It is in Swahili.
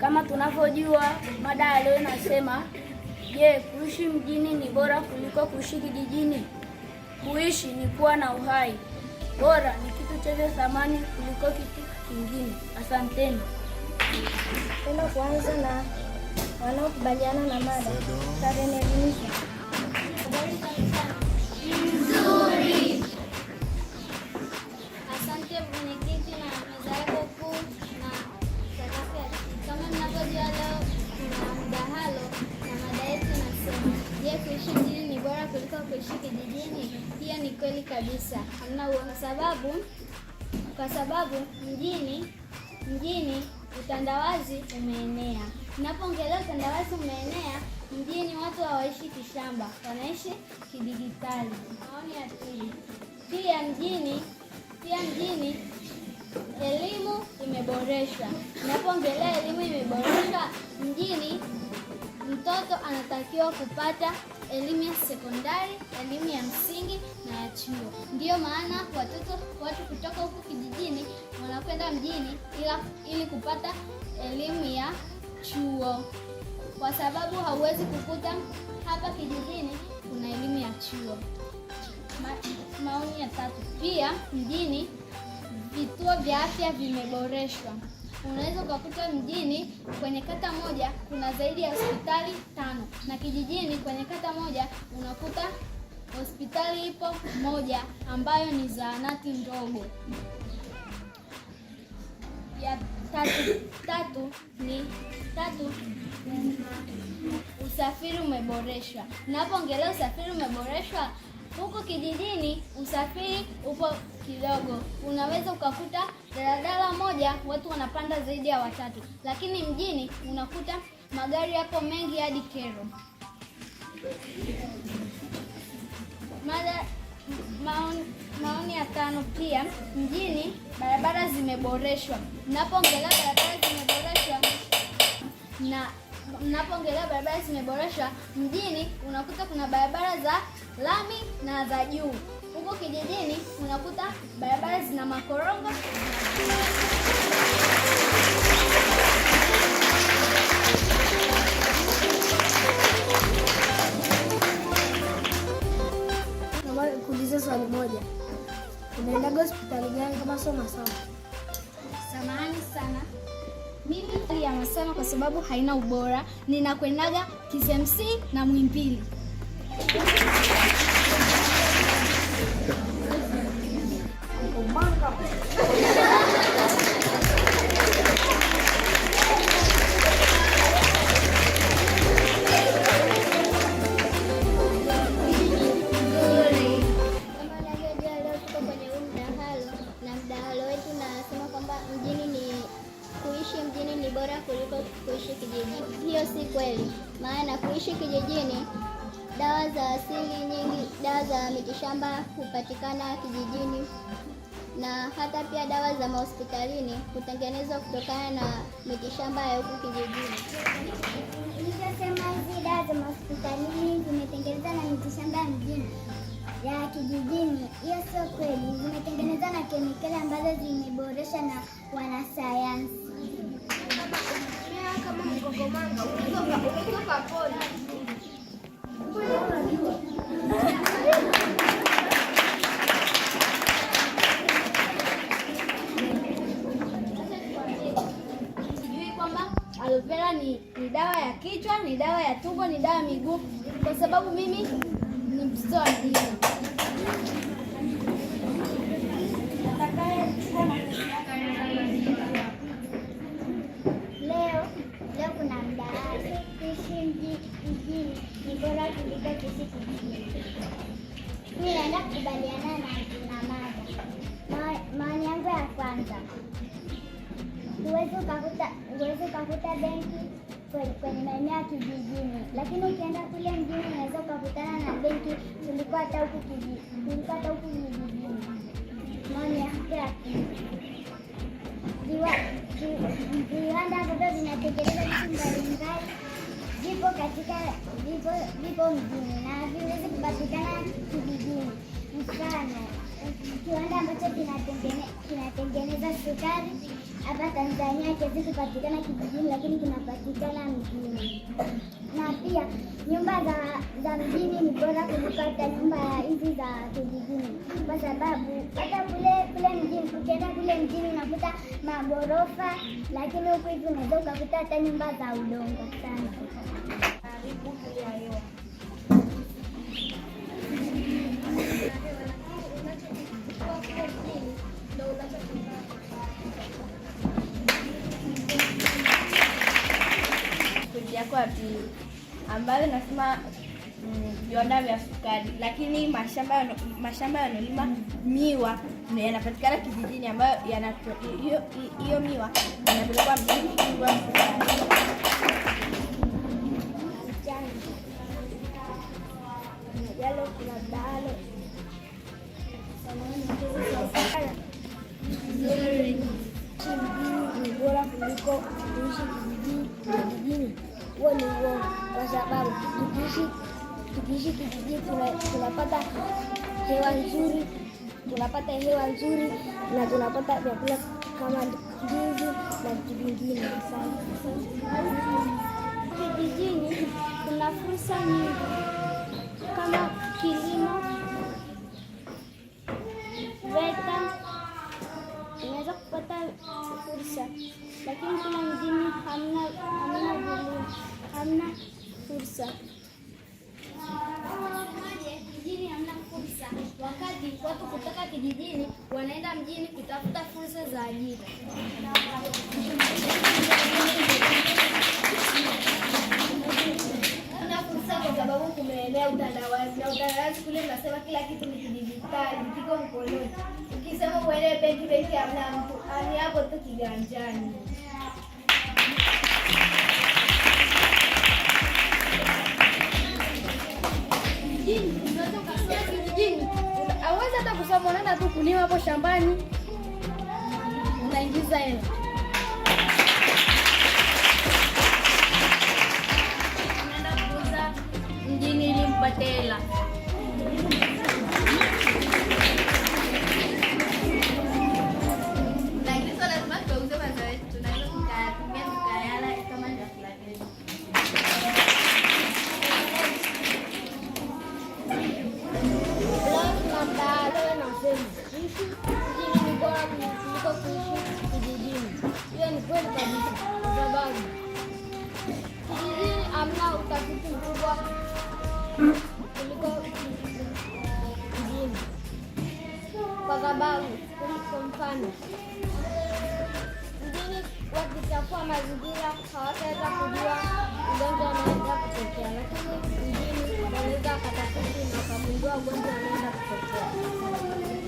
Kama tunavyojua mada ya leo inasema, je, kuishi mjini ni bora kuliko kuishi kijijini? Kuishi ni kuwa na uhai, bora ni kitu chenye thamani kuliko kitu kingine. Asanteni. Tena kuanza na wanaokubaliana na mada tarenevinisha nzuri. Asante mwenyekiti. wanaoishi kijijini? Hiyo ni kweli kabisa, hamna uongo sababu, kwa sababu mjini mjini utandawazi umeenea. Unapoongelea utandawazi umeenea mjini, watu hawaishi kishamba, wanaishi kidigitali. Maoni ya pili, pia mjini pia mjini elimu imeboreshwa. Unapoongelea elimu imeboreshwa anatakiwa kupata elimu ya sekondari, elimu ya msingi na ya chuo. Ndiyo maana watoto watu kutoka huku kijijini wanakwenda mjini ila, ili kupata elimu ya chuo, kwa sababu hauwezi kukuta hapa kijijini kuna elimu ya chuo. Ma, maoni ya tatu, pia mjini vituo vya afya vimeboreshwa. Unaweza ukakuta mjini kwenye kata moja kuna zaidi ya hospitali tano, na kijijini kwenye kata moja unakuta hospitali ipo moja ambayo ni zahanati ndogo. Ya tatu, tatu ni tatu usafiri umeboreshwa. Napoongelea usafiri umeboreshwa Huku kijijini usafiri upo kidogo, unaweza ukakuta daladala moja watu wanapanda zaidi ya watatu, lakini mjini unakuta magari yapo mengi hadi kero. Mada, maoni, maoni ya tano, pia mjini barabara zimeboreshwa. Mnapoongelea barabara zimeboreshwa na mnapoongelea barabara zimeboreshwa mjini, unakuta kuna barabara za lami na za juu, huko kijijini unakuta barabara zina makorongo. sana kwa sababu haina ubora. Ninakwendaga KCMC na Mwimbili. kijijini. Dawa za asili nyingi, dawa za mitishamba hupatikana kijijini na hata pia dawa za mahospitalini hutengenezwa kutokana na mitishamba ya huku kijijini. Nilivyosema, hizi dawa za mahospitalini zimetengenezwa na mitishamba ya mjini ya kijijini, hiyo sio kweli. Zimetengenezwa na kemikali ambazo zimeboresha na wanasayansi. Kama poli tumbo ni dawa miguu, kwa sababu mimi ni mtoto wa dini. Leo leo kuna mdahalo, kuishi mjini ni bora kuliko kuishi kijijini. Mimi naenda kukubaliana na mada. Maoni yangu ya kwanza, huwezi ukakuta benki kwenye maeneo ya kijijini, lakini ukienda kule mjini unaweza ukakutana na benki. Tulikuwa hata huku kijijini. viwanda ambavyo vinatengeneza vitu mbalimbali vipo katika vipo mjini na viwezi kupatikana kijijini mfano kiwanda ambacho kinatengeneza sukari hapa Tanzania hakiwezi kupatikana kijijini, lakini kinapatikana mjini. Na pia nyumba za za mjini ni bora kuliko hata nyumba hizi za kijijini, kwa sababu hata kule kule mjini, ukienda kule mjini unakuta magorofa, lakini huku hivi unaweza ukakuta hata nyumba za udongo sana. ambayo nasema mm, viwanda vya sukari, lakini mashamba mashamba yanolima miwa yanapatikana kijijini, ambayo hiyo miwa inapelekwa mjini kupigwa sukari. tukiishi kijiji tunapata hewa nzuri, tunapata hewa nzuri na tunapata vyakula kama ndizi na vitu vingine. Kijijini kuna fursa nyingi kama kilimo watu kutoka kijijini wanaenda mjini kutafuta fursa za ajira. Kuna fursa kwa sababu kumeenea utandawazi, na utandawazi kule tunasema kila kitu ni kidijitali, kiko mkononi. Ukisema uende benki, benki hamna mtu, ani hapo tu kiganjani hata kusoma, unaenda tu kunima hapo shambani, unaingiza hela. Unaenda kuuza mjini ili mpate hela. Dini ni kijijini. Hiyo ni kijijini hamna utafiti mkubwa kuliko kijijini, kwa sababu kwa mfano mjini wakichafua mazingira hawataweza kujua ugonjwa unaweza lakini mjini wanaweza wakatafiti na wakagundua ugonjwa unaweza